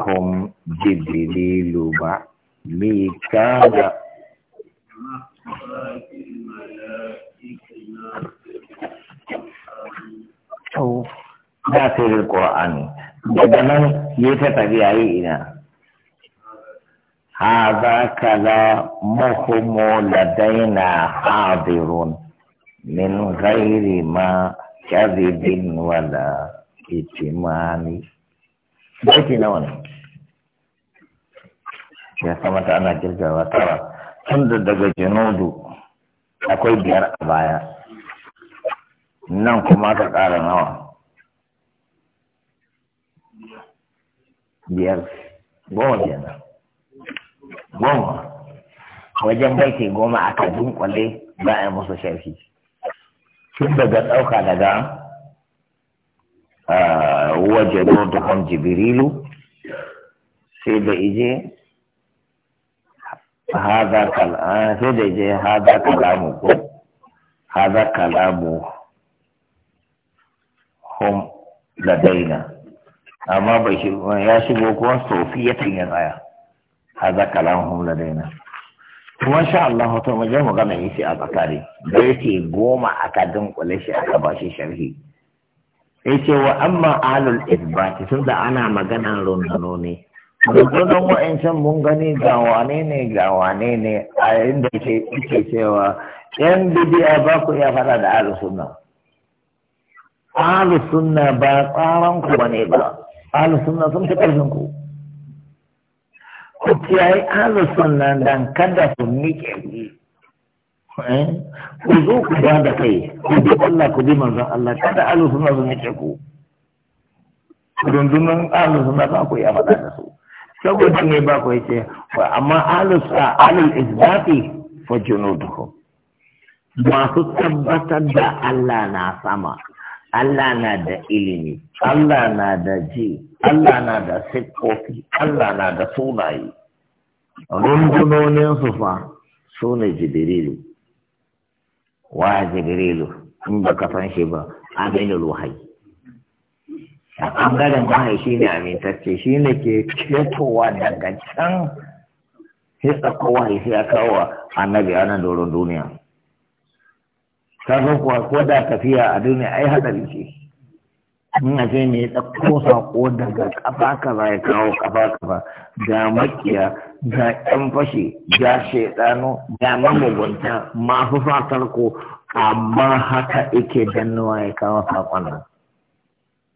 لكم جبريل مع ميكال داخل القرآن بدلاً يتبقى علينا هذا كلامهم لدينا حاضر من غير ما كذب ولا اجتماعي baiti nawa ne ya kamata ana girgawa tara tun da daga jinodu akwai biyar a baya nan kuma ka ƙara nawa biyar goma biyar goma wajen baiti goma aka dunkwale ba a musu sharhi tun daga ɗauka daga ah, huwa jadudukum jibrilu sai da ije hada ah, sai da ije hada kalamu ko hada kalamu hum ladaina amma shi ya shigo kuma sofi ya tsaya hada kalamu ladaina kuma sha Allah ta mu je mu gama yi shi a tsakari da yake goma aka dunkule shi aka ba shi sharhi ya ce wa amma alul isbati sun da ana maganan rundano ne rundunan wa'ancan mun gani ga wane ne ga wane ne a inda ke cewa yan bidiya ba ku iya fara da ahlus sunna ahlus sunna ba tsaron ku ne ba ahlus sunna sun fi karfin ku ku kiyaye ahlus sunna dan kada su miƙe Eh? ku zo ku ba da kai ku bi Allah ku bi manzon Allah kada alu suna sun yace ku rundunar alu suna ba ku ya faɗa da su saboda ne ba ku yace amma alu a alu isbati fa junuduhum masu tabbatar da Allah na sama Allah na da ilimi Allah na da ji Allah na da siffofi Allah na da sunaye rundunoninsu fa su ne wa jibrilu in ba ka san shi ba aminu ruhai a ɓangaren wahayi shi ne amintacce shi ne ke ketowa daga can sai tsakko wahayi sai ya kawo annabi a nan doron duniya ta zo kuwa ko da tafiya a duniya ai haɗari ce in a ce ne ɗauko saƙo daga ƙafa kaza ya kawo ƙafa kaza ga makiya ga ƴan fashe ga shaiɗano ga mamugunta masu fatar ko amma haka ike dannuwa ya kawo saƙon nan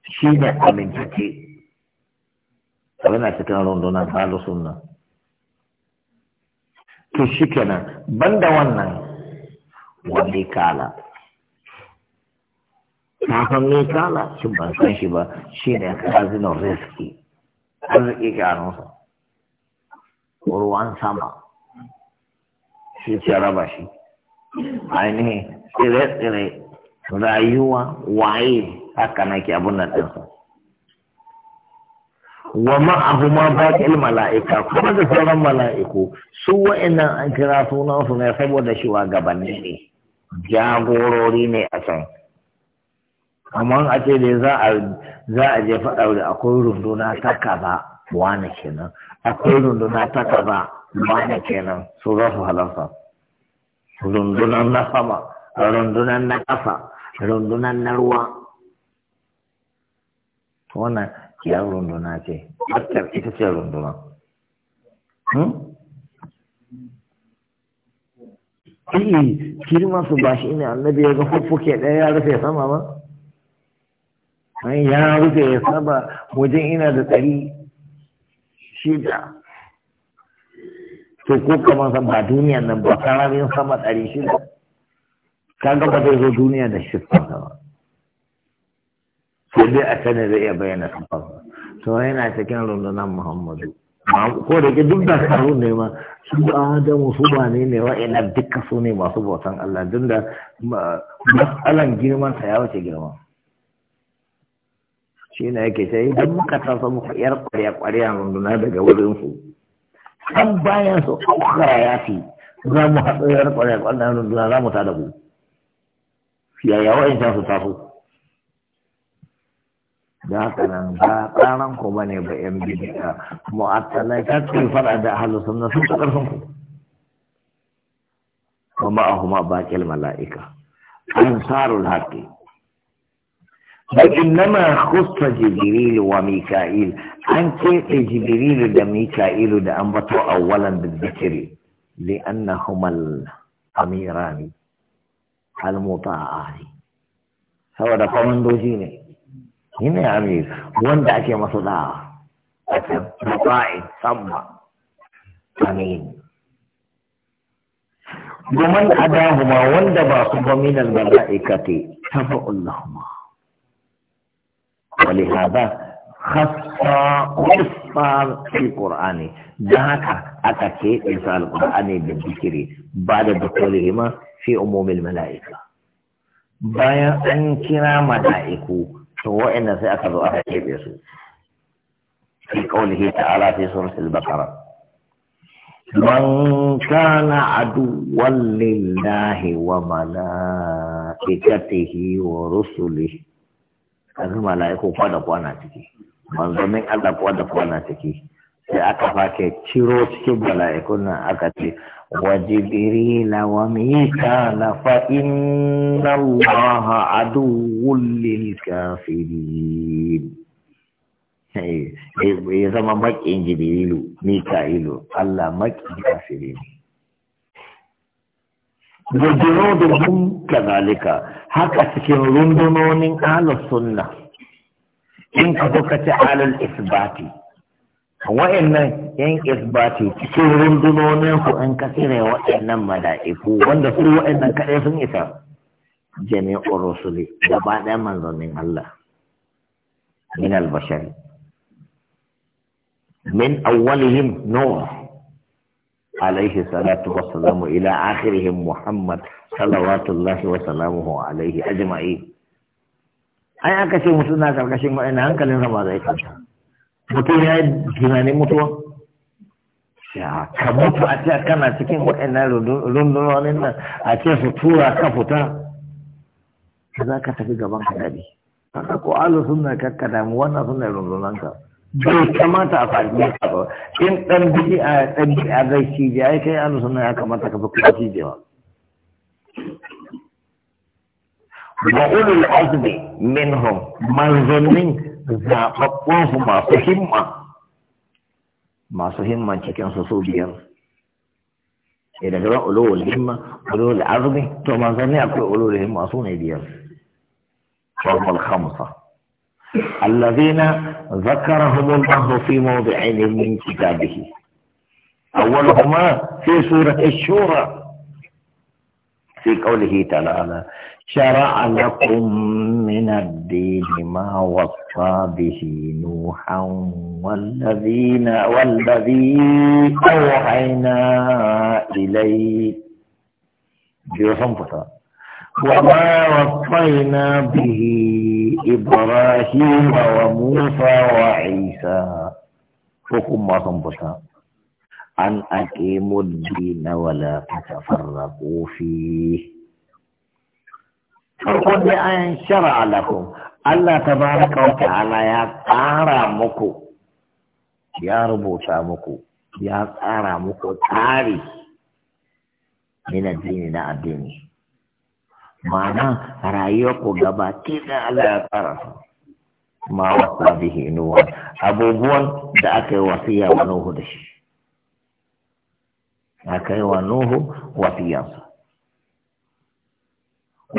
shi ne amintace abin na cikin rundunar salisun nan to shi kenan banda wannan wani kala kafin mai kala shi ba san shi ba shi ne kazinon riski arziki sa. ruwan sama shi ce raba shi ainihin tsire-tsire rayuwa waye haka nake abin nan ɗinsa wa abu ma baƙil mala'ika kuma da sauran mala'iku su wa'annan an kira su ne saboda shi wa gabanni ne jagorori ne a can amma a ce ne za a za a je faɗa wuri akwai runduna ta kaza wane kenan akwai runduna ta kaza wane kenan su za su halarta rundunan na sama rundunan na ƙasa rundunan na ruwa wannan ya runduna ce fatar ita ce runduna hmm? Iyi, kirma su ba shi ne annabi ya ga fuffuke ɗaya ya rufe sama ba? ya wuce ya saba wajen ina da tsari shida to ko kamar san ba duniya nan ba sararin sama tsari shida kaga ba zai zo duniya da shi shifan ba sai dai a sanar zai iya bayyana sabon to yana cikin rundunar muhammadu ko da ke duk da karu ne ma su adamu su ba ne ne wa'ina duka su ne masu bautan Allah duk da matsalan girman sa ya wuce girman shi ne yake ce idan muka tasa muku yar kwarya-kwarya runduna daga su. an bayan su ukra ya fi za mu haɗu yar kwarya-kwarya runduna za mu ta da ku yaya wa'in su taso da haka nan ba ƙaran ku ba ne ba yan bidiya mu'attalai ta ce fara da ahalu sunna sun ta ƙarfin ku wa ma'ahuma baƙil mala'ika ansarul haqqi انما خص جبريل وميكائيل أن كيف جبريل وميكائيل ميكائيل أنبطوا أولا بالذكر لأنهما الأميران المطاعان هو دا قومن دوجين هنا أمير وين دا أكي مصداع مطاعن صمع أمين ومن أداهما وان دا من الملائكة تبع لهما ولهذا خص وصى في القرآن ذاك أتكي إنسان القرآن بالذكر بعد دخولهما في أموم الملائكة بايا أنكرا ملائكة سواء إن سيأخذ أتكي يسوع في قوله تعالى في سورة البقرة من كان عدوا لله وملائكته ورسله kaga mala'iku kwada kwana ciki min Allah kwada kwana ciki sai aka fake ciro cikin mala'ikun nan aka ce wa jibrila wa mikala fa inna allaha aduwwun lil kafirin ya zama makin jibrilu mika'ilu Allah makin kafirin da junudihim kazalika haka cikin rundunonin ahlus sunna in ka zo ce alal isbati wa'annan yan isbati cikin rundunonin ku an kasire wa'annan mala'iku wanda su wa'annan kaɗai sun isa jami'ur rusuli gaba ɗaya manzannin Allah min albashari bashari min awwalihim nuh عليه الصلاة والسلام إلى آخرهم محمد صلوات الله وسلامه عليه أجمعين ai aka ce mutum na karkashin wa'ina hankalin sama zai mutum ya yi tunanin mutuwa ya ka mutu a ce kana cikin wa'ina rundunonin nan a ce su tura ka fita za ka tafi gaban ka daɗi ko alu suna kakka damu wannan suna rundunanka bai kamata a faɗi ne ba in ɗan bidi'a ɗan bidi'a zai cije ai kai an suna ya kamata ka fi kuma cijewa wa ulul azmi minhum manzannin zaɓaɓɓun su masu himma masu himma cikin su su biyar sai eh, daga ran ulul himma ulul azmi to manzanni akwai ulul himma su ne biyar wa al khamsa الذين ذكرهم الله في موضعين من كتابه أولهما في سورة الشورى في قوله تعالى شرع لكم من الدين ما وصى به نوحا والذين والذي أوحينا إليه وما وصينا به إبراهيم وموسى وعيسى فكم ما تنبسا أن أقيموا الدين ولا تتفرقوا فيه فقد أن شرع لكم ألا تبارك وتعالى يا قارا مكو يا ربوتا مكو يا قارا مكو تاري من الدين إلى الدين ma'ana rayuwar ku gaba ke da Allah ya tsara ma wasa bihi nuwa abubuwan da aka yi wasiya wa Nuhu da shi aka yi wa Nuhu wasiyansa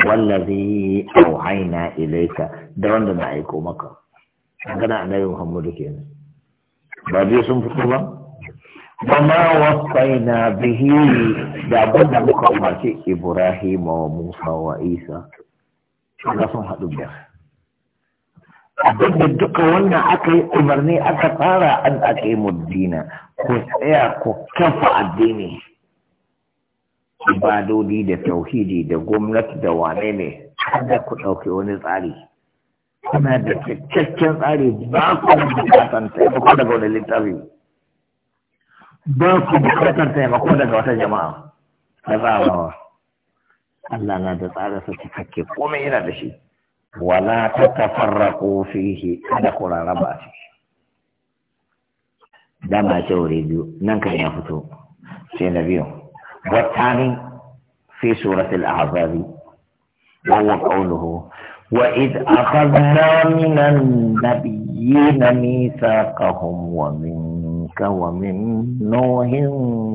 wallazi auhaina ilaika da wanda na aiko maka magana annabi Muhammadu kenan ba biyu sun fito ba da وما Ibrahim wa Musa wa Isa. وموسى وعيسى son haɗu biyar. abin da duka wannan aka yi umarni aka tsara an aka yi muddina ku tsaya ku kafa addini ibadodi da tauhidi da gwamnati da wane ne kada ku ɗauki wani tsari kuna da cikakken tsari ba ku bukatan taimako daga wani littafi ba ku bukatar taimako daga wata jama'a da zabawa Allah na da tsara su cikakke komai yana da shi wala ta tafarraku fihi kada ku raraba a ciki dama ce wuri biyu nan kan ya fito sai na biyu wattani fi suratul ahzabi wa huwa qawluhu وإذ أخذنا من النبيين ميثاقهم ومن مكة ومن نوح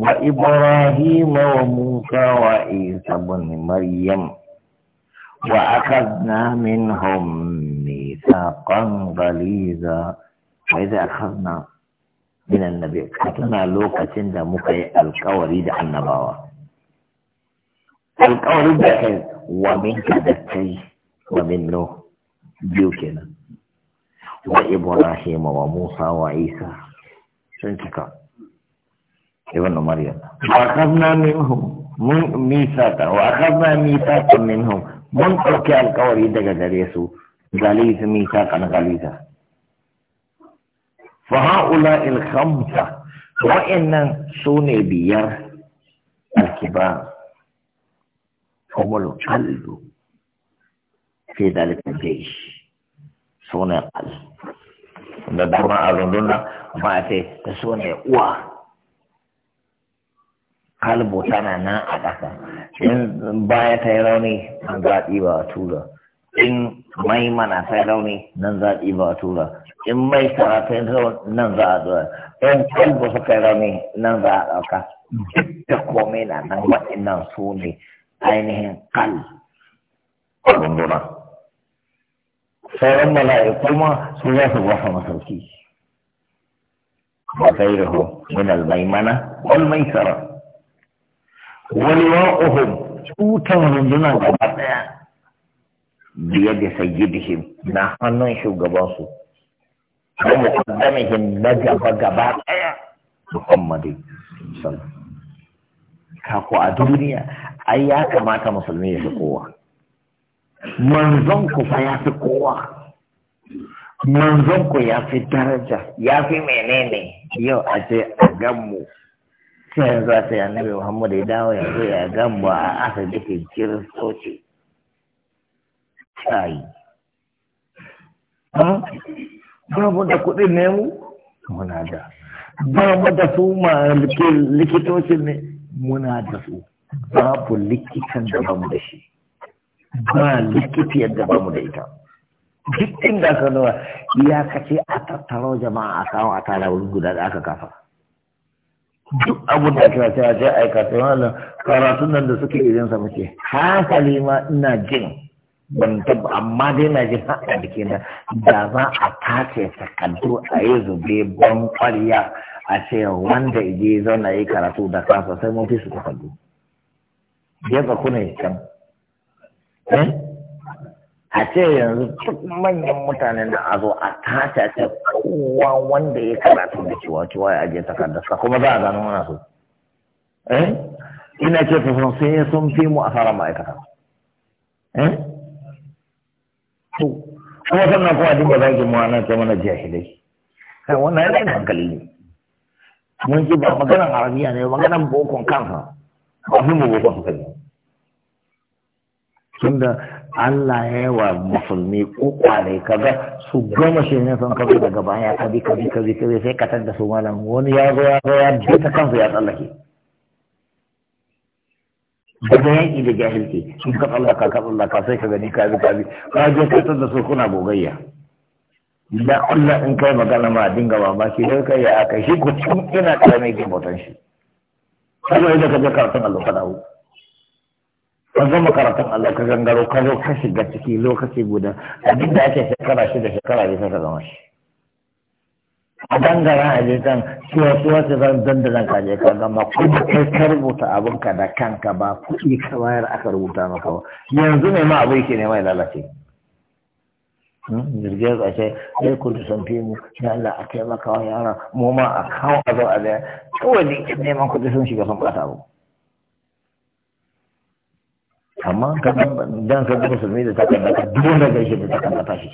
وإبراهيم وموسى وعيسى بن مريم وأخذنا منهم ميثاقا غليظا وإذا أخذنا من النبي لوكا لوكة مكي الكوري دع النبوة الكوري دع ومن كدتي ومن نوح بيوكنا وإبراهيم وموسى وعيسى سنتكا ابن عمر يا واخذنا منهم من ميثاقا واخذنا ميثاقا منهم من اوكي القوري دغ دريسو غليظ ميثاقا غليظا فهؤلاء الخمسة وإن سوني بيار الكبار هم الأقل في ذلك الجيش سوني أقل ندعونا أظنونا ba ce ta so ne uwa kalbo tana nan a ƙasa in baya ta yi rauni nan zaɓi ba a tura in mai mana ta yi rauni nan zaɓi ba a tura in mai tara ta yi rauni nan za a zuwa in kalbo suka yi rauni nan za a ɗauka duk da komai na nan nan su ne ainihin kal runduna sauran mala'iku ma su za su gwasa masauki وغيره من الميمنة والميسرة ولواؤهم توتهم دون جبات بيد سيدهم نحن نشو جباسو ومقدمهم نجب جبات محمد صلى الله عليه وسلم kako a duniya ai ya kamata musulmi ya fi kowa manzon ku ya fi kowa manzon ku ya fi daraja ya fi menene yau a ce a gammu sai yanzu a ce annabi Muhammadu ya dawo yanzu ya gammu a asibitin kiristoci shayi mu da kuɗi ne mu muna da Ba mu da su ma likitocin ne muna da su babu likitan da mu da shi ba yadda ba mu da ita duk inda aka nuna kace a tattaro jama'a a kawo a tara guda da aka kafa duk abin da kira cewa ce aikata wala karatun nan da suke irin sa muke hankali ma ina jin ban taba amma dai na jin haɗa da ke da za a tace takardu a yi zube ban kwarya a ce wanda ije zauna yi karatu da kasa sai mun fi su takardu. Yadda kuna yi can. Eh? a ce yanzu duk manyan mutanen da a zo a tata ta kowa wanda ya karatu da cewa cewa ya ajiye takardarsa kuma za a gano mana su eh ina ce su sun sai sun fi mu a fara ma'aikata eh kuma sannan kuma dinga zaki mu nan ce mana jahilai kai wannan yana da hankali ne mun ji ba maganar arabiya ne maganar bokon kansa ba mu bokon hankali. tunda Allah ya yi wa musulmi kokware kaga su goma shi ne son kafa daga baya ka bi ka bi ka bi sai ka tada su malam wani ya zo ya zo ya bi ta kansu ya tsallake daga yanki da jahilci sun ka tsallaka ka tsallaka sai ka gani ka bi ka bi ka je ka tada su kuna gogayya da Allah in kai magana ma dinga mamaki dai kai ya aka shi ku tun ina karamin gibotan shi saboda ka je karatun Allah ka dawo ka zama karatun Allah ka gangaro ka zo ka shiga ciki lokaci guda duk da ake shekara shida shekara ne ka zama shi a gangara a je kan cewa cewa ce zan dandanan ka je ka gama kuma kai ka rubuta abin ka da kanka ba kuɗi ka bayar aka rubuta maka ba yanzu ne ma abu yake ne mai lalace hmm, jirgin a ce sai ku da san mu ya Allah a taimaka wa yara mu ma a kawo a zo a zai kawai da neman kudu sun shiga sun ɓata abu amma kan ka musulmi da takarda ka dole shi da takan da tashi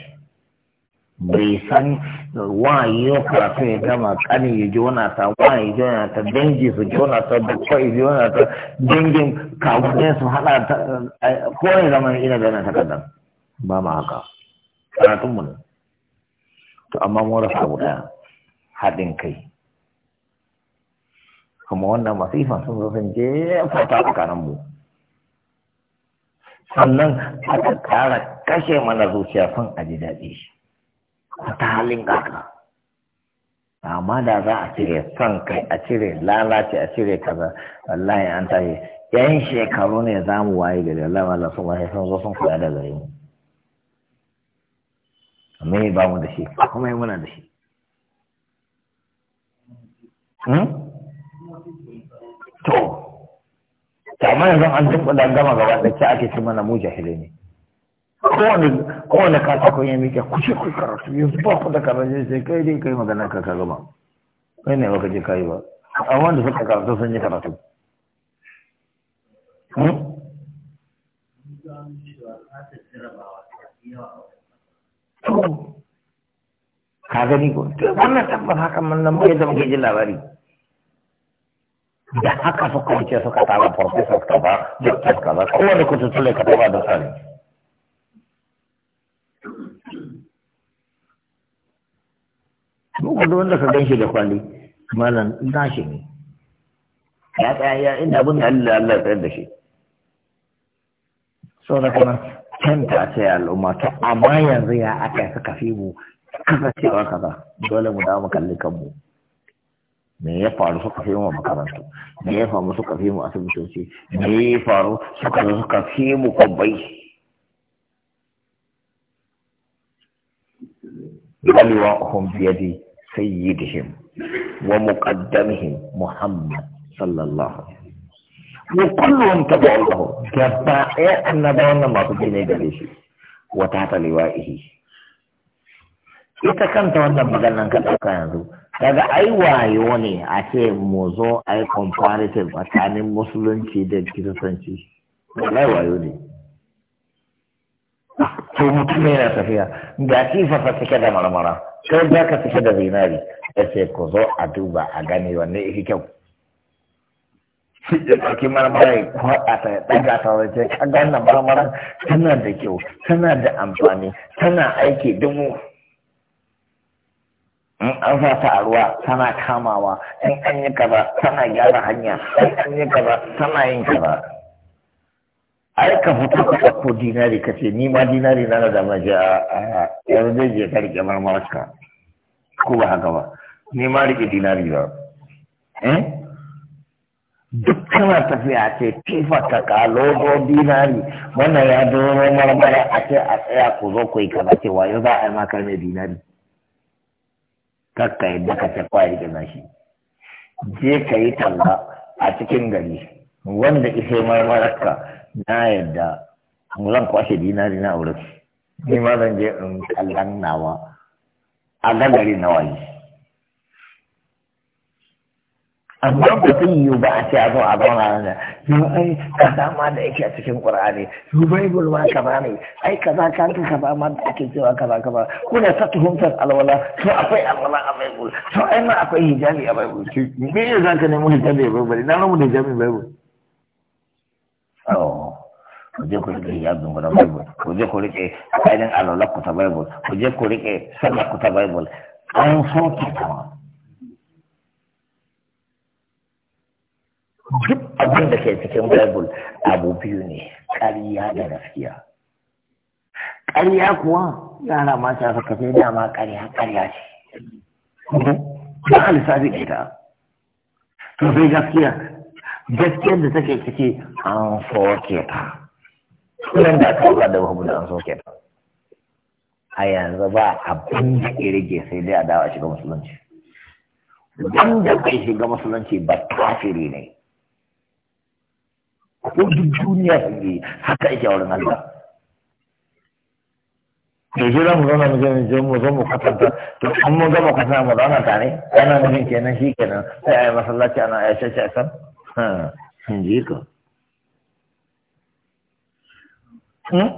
bai san wayo karatu ya gama kani ya jona ta ji jona ta dangi su jona ta bakwai jona ta dangin kawunan su hada ta kowane zaman ina da na takardar ba ma haka karatun mu ne to amma mu rasa abu daya haɗin kai kuma wannan masifa sun zo sun jefa ta a kanan mu sannan aka kara kashe mana zuciya fan a ji daɗi shi ta halin kaka amma da za a cire son kai a cire lalace a cire kaza wallahi an tashi yan shekaru ne za mu waye gari Allah mallan sun waye sun zo sun kula da gari. mu amma ba mu da shi kuma muna da shi hmm? to ta amma yanzu an dubbula gama gaba da ke ake cin mana mu jahilai ne kowane kowane katakon ya miƙe kuce ku karatu yanzu ba ku da karatu sai kai dai kai magana ka ka gama kai ne baka je kai ba amma da suka karatu sun yi karatu hmm? ka gani ko wannan tabbata hakan man nan bai zama ke jin labari da haka suka wuce suka tara farfesa suka ba dokta suka ba kowane kutu tule ka taba da tsari duk wanda ka ganshi da kwali malam ina shi ne ya tsaya ya inda abin da Allah Allah tsayar da shi So da kuma canta ce al'umma to amma yanzu ya aka suka fi mu kasancewa kaza dole mu da mu kalli kanmu me ya faru suka fi mu makarantu me ya faru suka fi mu asibitoci me ya faru suka zo suka fi mu kwabbai balewa ohun biyadi sayyidihim wa muqaddamihim muhammad sallallahu wa kullum tabi'u lahu gaba ɗaya annabawan nan masu gine gare shi wa ta ta liwa ihi ita kanta wannan maganan ka ɗauka yanzu kaga ai wayo ne a ce mu zo ai comparative tsakanin musulunci da kiristanci wallahi wayo ne ah, to mutum yana tafiya ga kifa fa take da marmara kai za ka tafi da zinari ya ce ku zo a duba a gani wanne yake kyau da ɗauki marmara ya kwaɗa ta ya ɗaga ta wace ka ga wannan marmara tana da kyau tana da amfani tana aiki dumu in an sa ta a ruwa tana kamawa in an yi kaza tana gyara hanya in an yi kaza tana yin kaza ai ka fito ka ɗauko dinari ka ce ni ma dinari na na da maji a yanzu zai je ka riƙe marmarka ko ba haka ba ni ma riƙe dinari ba eh? duk kana tafiya ce tifa ka ko dinari wannan ya doro marmara a ce a tsaya ku zo ku yi kaza ce wayo za a yi maka mai dinari kakka yadda ka ce kwaye da nashi je ka yi talla a cikin gari wanda isai maraka na yadda zan kwashe dinari a wurin ni ma zan je in kallon nawa a gagari na waye. amma ba yi yiwu ba a ce a zo a zauna nan yau ai kaza ma da yake a cikin qur'ani yau bible ma kaza ne ai kaza kan ka kaza ma da ake cewa kaza kaza kuna ta tuhumtar alwala to akwai alwala a bible to ai ma akwai hijabi a bible me ne za ka nemo hijabi a bible na nemo hijabi a bible oh ku je ku rike hijabin ku na bible ku je ku rike ainihin alwala ku ta bible ku je ku rike sallah ku ta bible an so ta kama duk abin da ke cikin bible abu biyu ne ƙarya da gaskiya ƙarya kuwa yara ma ta saka sai dama ƙarya ƙarya ce ba lissafi da ta to bai gaskiya gaskiyar da take cike an soke ta sunan da aka kula da babu da an soke ta a yanzu ba abin da ke rage sai dai a dawa shiga musulunci wanda bai shiga musulunci ba kafiri ne ko duk duniya su yi haka ake wurin Allah da shi za mu zama mu zama mu zo mu kwatanta to an mu gama kwatanta mu zauna tare ana nufin kenan shi kenan sai a yi masallaci ana a yace a san in ji ka hmm?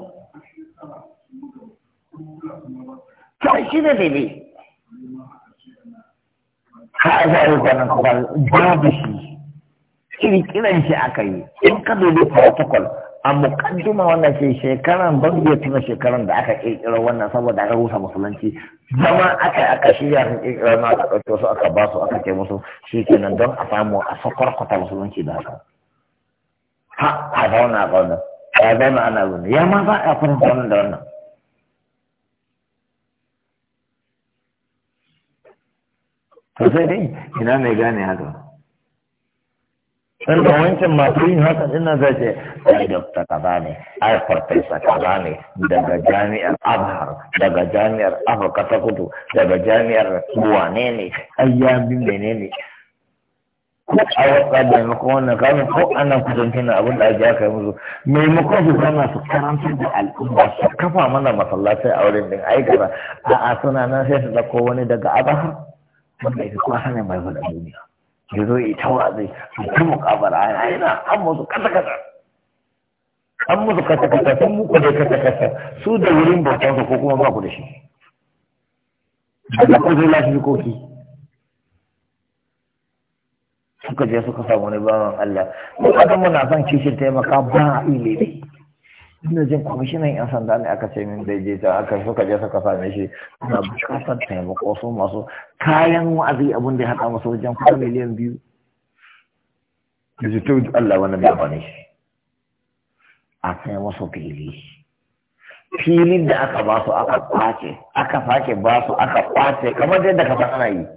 ta shi ne daidai ka a zai kwanan kwanan babu shi kirkiran shi aka yi in ka dubi protocol a mukaddima wannan shi, shekaran ban bai tuna shekaran da aka kirkira wannan saboda aka rusa musulunci zama aka aka shirya sun kirkira na aka ɗauke su aka ba su aka ce musu kenan don a samu a kwata musulunci da haka ha a zauna a zauna ya zauna ana zauna ya ma ba a kuma zauna da wannan to sai dai ina mai gane haka dan da wancan masu yin haka ina nan zai ce ai dokta kaza ne ai farfesa kaza ne daga jami'ar azhar daga jami'ar afirka ta kudu daga jami'ar kuwa ne ai ya bi ne ko a wasa da maimakon wannan kamin ko ana kusanci na abin da ake aka yi musu maimakon su zama su karanta da al'umma su kafa mana masallatai a wurin din ai gaba a suna nan sai su dauko wani daga azhar wanda ya fi kwasa ne mai da duniya ya zo ita wazai su ta mukabara a yana an musu kasa-kasa an musu kasa-kasa sun muku da kasa-kasa su da wurin bautan ko kuma ba ku da shi da ku zai lafi koki suka je suka samu wani bawan Allah mu kaga muna son kishin taimaka ba ilimi ina jin nan yan sanda ne aka ce min daidai ta aka ka je suka same shi na bukatar taimako su masu kayan wa'azi abin da ya haɗa masu wajen kuma miliyan biyu da su tuwit Allah wani mai wani shi a sai masu fili filin da aka ba su aka kwace aka sake ba su aka kwace kamar yadda ka san ana yi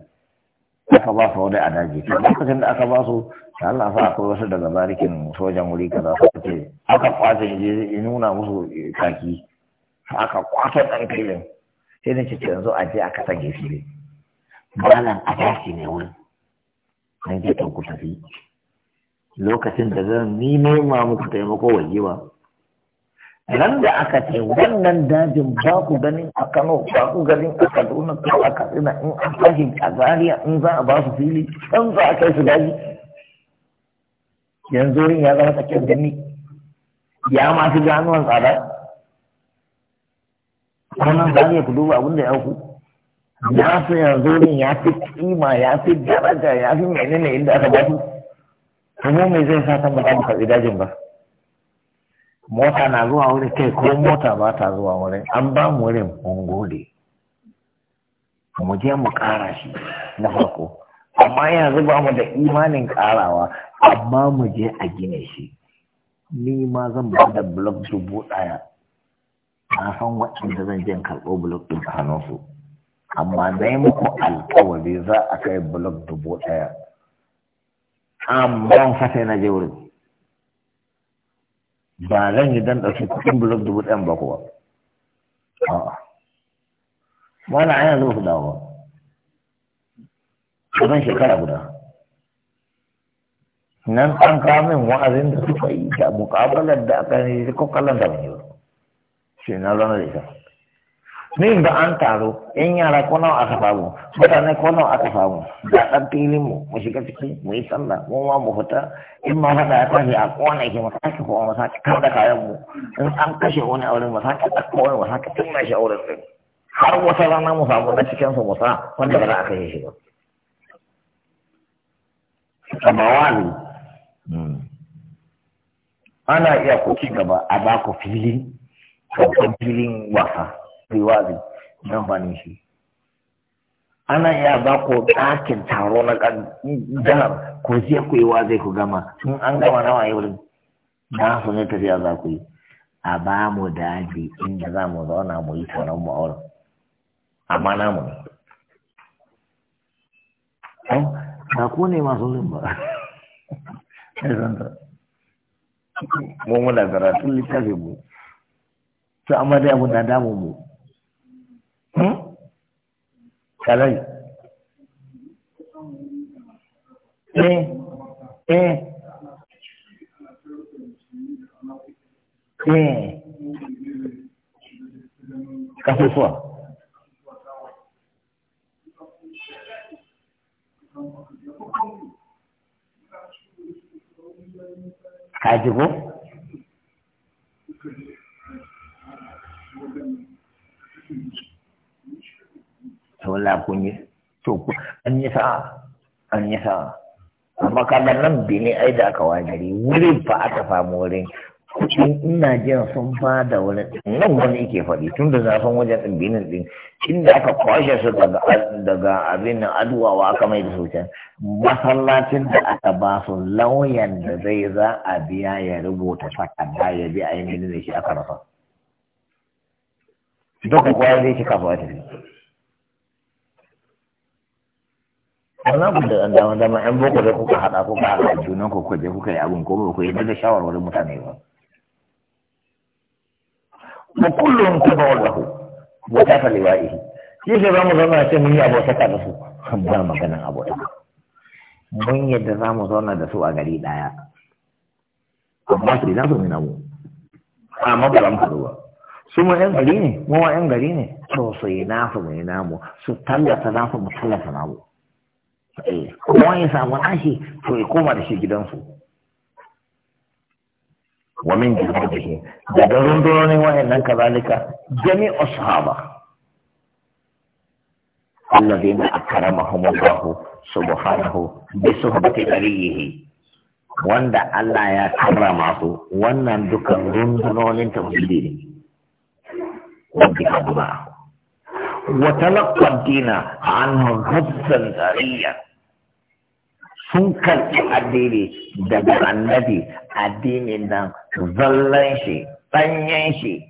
aka ba su wani a daji lokacin da aka ba su Allah fa akwai wasu daga barikin sojan wuri kaza su ce aka kwace je in nuna musu kaki aka kwace dan kailin sai na ce yanzu a je aka sage shi ne malam a tashi ne wurin an je to ku tafi lokacin da zan ni ma muku taimako wajewa nan da aka ce wannan dajin ba ku ganin a Kano ba ku ganin a Kaduna ko a Katsina in an tashi a Zaria in za a ba su fili in za a kai su daji yanzu wurin ya zama tsakiyar gani ya masu ganuwar ganuwan tsada wannan za ne ku duba abin da ya ku ya fi yanzu wurin ya fi kima ya fi daraja ya fi menene inda aka ba su kuma me zai sa san ba za dajin ba mota na zuwa wurin kai ko mota ba ta zuwa wurin an ba mu wurin mun mu je mu ƙara shi na farko amma yanzu ba mu da imanin karawa amma mu je a gina shi ni ma zan ba da blok dubu daya. na san waɗanda zan je karɓo blok ɗin su. amma na yi muku alkawari za a kai blok dubu daya. amma fa sai na je wurin ba zan yi dan ɗauki kuɗin blok dubu ɗayan ba kuwa a'a wani a yanzu ku su dawo ba kusan shekara guda nan an kamin wa'azin da suka yi da mukabalar da aka yi da kokalan da mai yau shi na zama da ita min da an taro yan yara ko nawa aka samu mutane ko nawa aka samu da ɗan filin mu mu shiga ciki mu yi sallah mu ma mu fita in ma fada ya tashi a kona yake mu sake ko mu sake kar da kayan mu in an kashe wani a wurin mu sake ɗauko wani mu sake tunna shi a wurin har wata rana mu samu na cikin su musa wanda ba za a kashe shi ba tabawazi hmm. ana iya ku gaba a ba ku fili babban filin wasa riwazi don shi ana ya ba ku ɗakin taro na jihar ko je ku yi wazai ku gama sun an gama wurin na su ne ya za ku yi a ba mu daji inda za mu zauna mu yi taron mu a amma namu ne ba ne masu zin ba mu muna karatun littafin mu to amma dai abu na damu mu hmm? kalai eh eh eh kafin suwa. ka ji ko saboda kun yi to an yi sa? an yi sa amma kaga nan bi ne da aka wajiri wurin fa aka samu wurin in ina jin sun ba da wani nan wani ke faɗi tun da zafin wajen ɗimbinin ɗin inda aka kwashe su daga abin nan aduwawa aka mai da su masallacin da aka ba su lauyan da zai za a biya ya rubuta takarda ya bi a da shi aka rasa duka kwaya zai ci kafa tafi wannan abu da dama dama yan boko da kuka haɗa kuka haɗa junan kuka je kuka yi abin ko ba ku yi da shawarwarin mutane ba وكلهم تبع له وتحت لوائه كيف يبقى مظنة سمية أبو سكا نسو خبار مكانا أبو سكا من يدفع مظنة دسو أغري zauna da من a gari بلام Amma su ma 'yan gari ne mu ma 'yan gari ne to su yi nasu mu yi namu su tallata nasu mu tallata namu kuma samu nashi to ya koma da shi gidansu wa min jihadihi daga rundunonin wayannan kazalika jami'u sahaba alladhina akramahum Allah subhanahu bi suhbati nabiyhi wanda Allah ya karrama su wannan duka rundunonin ta ne wanda ya ba wa talaqqa dina anhu hubban sun karɓi addini daga annabi addinin nan zallan shi ɗanyen shi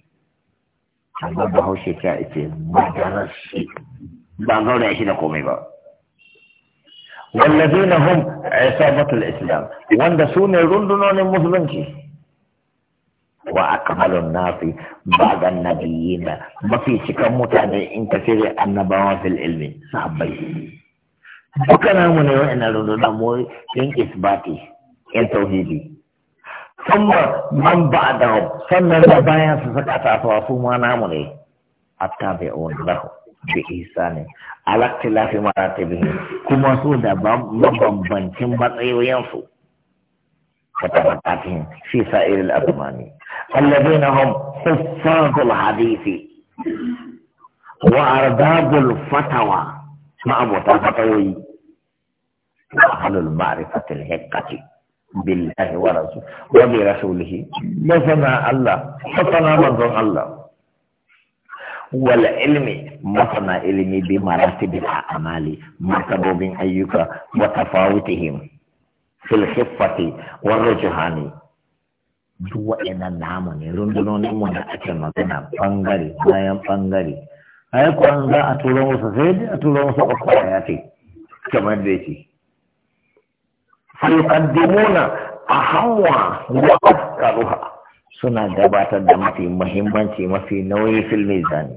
amma ba haushe ta ita madarar shi ba gaura shi da komai ba wallazina hum isabatul islam wanda su ne rundunonin musulunci wa akmalun nasi ba'da nabiyina mafi cikan mutane in kasiri annabawa fil ilmi sahabbai duka namu ne wa'annan rundunan mu yan isbati yan tauhidi kuma man ba da sannan da bayan su saka tafawa su ma namu ne hatta bai on lahu bi ihsani ala tilafi maratibihi kuma su da mabambancin matsayoyinsu وطبقاتهم في سائر الأزمان الذين هم حفاظ الحديث وأرداب الفتوى ma'abota fatawoyi ahlul ma'rifatil haqqati billahi wa rasul wa bi rasulihi masana Allah masana manzon Allah wal ilmi masana ilmi bi maratibil a'mali martabobin ayyuka wa tafawutihim fil khiffati war rujhani duk wa'annan namu ne rundunonin mu da ake magana bangare bayan bangare ai kuwa za a turo musu sai dai a tura musu kwakwara ya ce kamar da yake a ahamwa wa asqaluha suna gabatar da mafi muhimmanci mafi nauyi fil mizan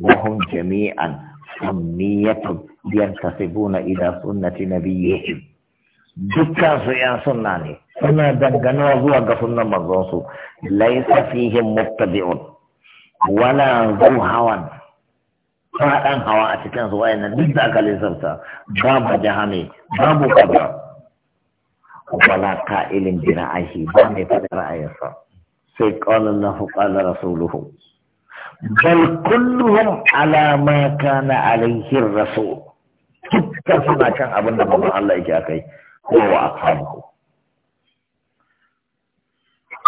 wa hum jami'an biyan yantasibuna ila sunnati biyu dukkan su yan sunna ne suna danganawa zuwa ga sunnan manzon su laysa fihim muttabi'un wala zuhawan hawan faɗan hawa a cikin su wayannan duk da aka lissafta babu jahame babu kaza wala ka'ilin bi ra'ayi ba mai faɗa ra'ayinsa sai qala Allah qala rasuluhu bal kulluhum ala ma kana alayhi rasul dukkan suna kan abin da babban Allah yake akai ko wa ashabu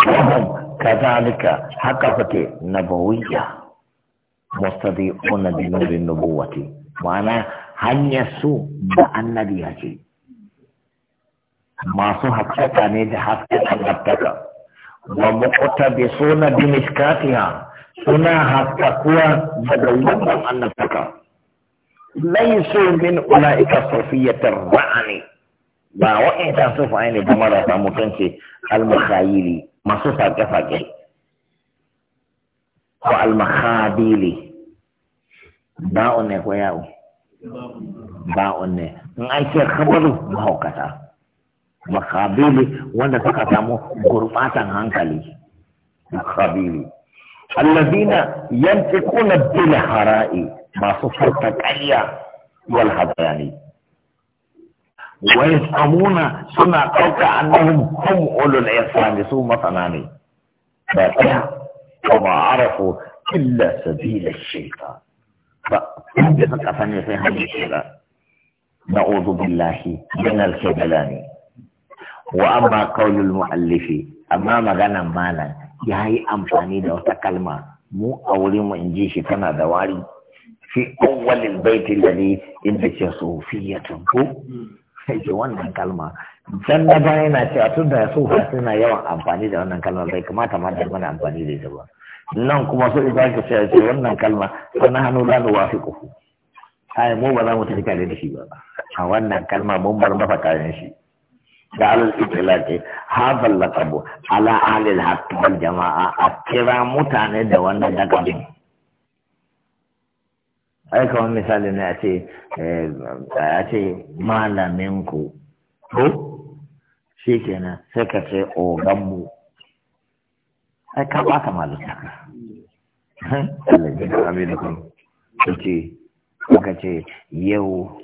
kaza kadhalika haka fake nabawiyya mustadiquna bi nurin nubuwati ma'ana hanyar su da annabi ya ce masu hakkaka ne da haskakan hakkaka wa muqtabisuna bi miskatiha suna haskakuwa daga wannan annabtaka laisu min ula'ika safiyatar ra'ani ba wa'in ta sufa ne ba marasa mutunci al masu sake-sake او المخابيلي باونه وياو باونه ان اكي خبرو ما وكتا مخابيلي وانا فكتامو غرفاتا هانكالي مخابيلي الذين ينتقون بالهراء ما صفر تقليا والحضراني ويسأمون سنة قوك أنهم هم أولو الإسلام سوما ثناني وما عرفوا إلا سبيل الشيطان فأفن في هذه الشيطان نعوذ بالله من الخذلان وأما قول المؤلف أما مغنى مالا يا هي أمفاني لو تكلمة مو أولي ما إنجيش كما دواري في أول البيت الذي عند صوفية ke wannan kalma can na baya na cewa tun da su suna yawan amfani da wannan kalma bai kamata ma da mana amfani da ita ba nan kuma so idan ka ce ce wannan kalma sannan hannu la nu wafiqu ai mu ba za mu tafi kare da shi ba a wannan kalma mun bar mafa kayan shi da alal itilaqi hadha laqabu ala ahli al-haqq wal jama'a akira mutane da wannan lakabin ai kawai misali ne a ce eh, a ce malamin ku ko shi kenan sai ka ce ogan mu ai ka bata maluta ka Allah ya da abin da kuma ce ce yau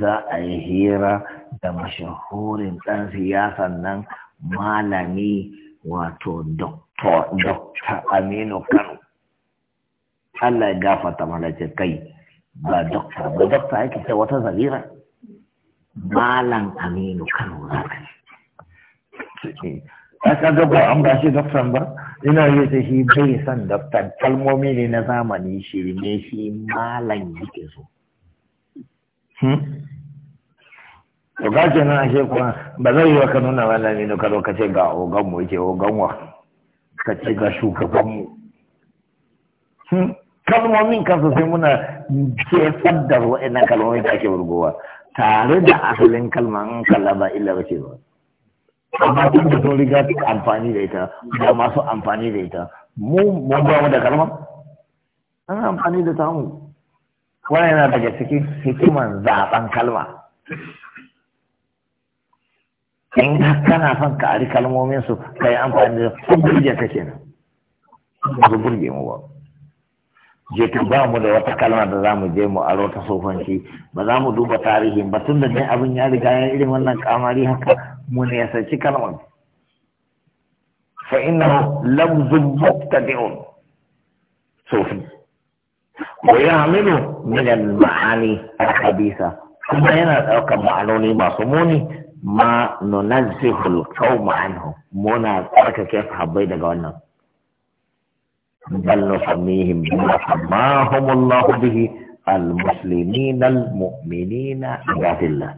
za a yi hira da mashahurin dan siyasan nan malami wato Dr. Aminu Kano Allah ya gafata mana kai ba dokta ba dokta yake ta wata zabira malam aminu kano za ka yi aka gaba an ba shi ba ina yi ta shi bai san doktan kalmomi ne na zamani ne shi malam yake so hmm? to ga ke nan ashe kuma ba zai yi wa ka nuna wani aminu kano ka ce ga ogan mu yake oganwa, ka ce ga shugabanmu hmm? kalmomin kansu sai muna jefar da wa'annan kalmomin da ake burgowa tare da asalin kalma in kalla ba illa ba ce ba amma tun da sun riga amfani da ita da masu amfani da ita mu mun ba mu da kalmar an amfani da tamu Wani yana daga cikin hikiman zaben kalma in kana son ka ari kalmomin su kai amfani da su burge ka kenan ba su burge mu ba je ta ba mu da wata kalma da za mu je mu aro ta sofanci ba za mu duba tarihin ba tun da ne abin ya riga ya irin wannan kamari haka mu ne ya saci kalmar fa innahu lafzun mubtadi'un sufi wa ya'malu min al-ma'ani al-khabitha kuma yana daukar ma'anoni masu muni ma nunazzihul qawma anhu muna tsarkake sahabbai daga wannan بل نسميهم بما سماهم الله به المسلمين المؤمنين عباد الله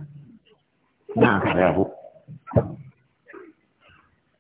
نعم يا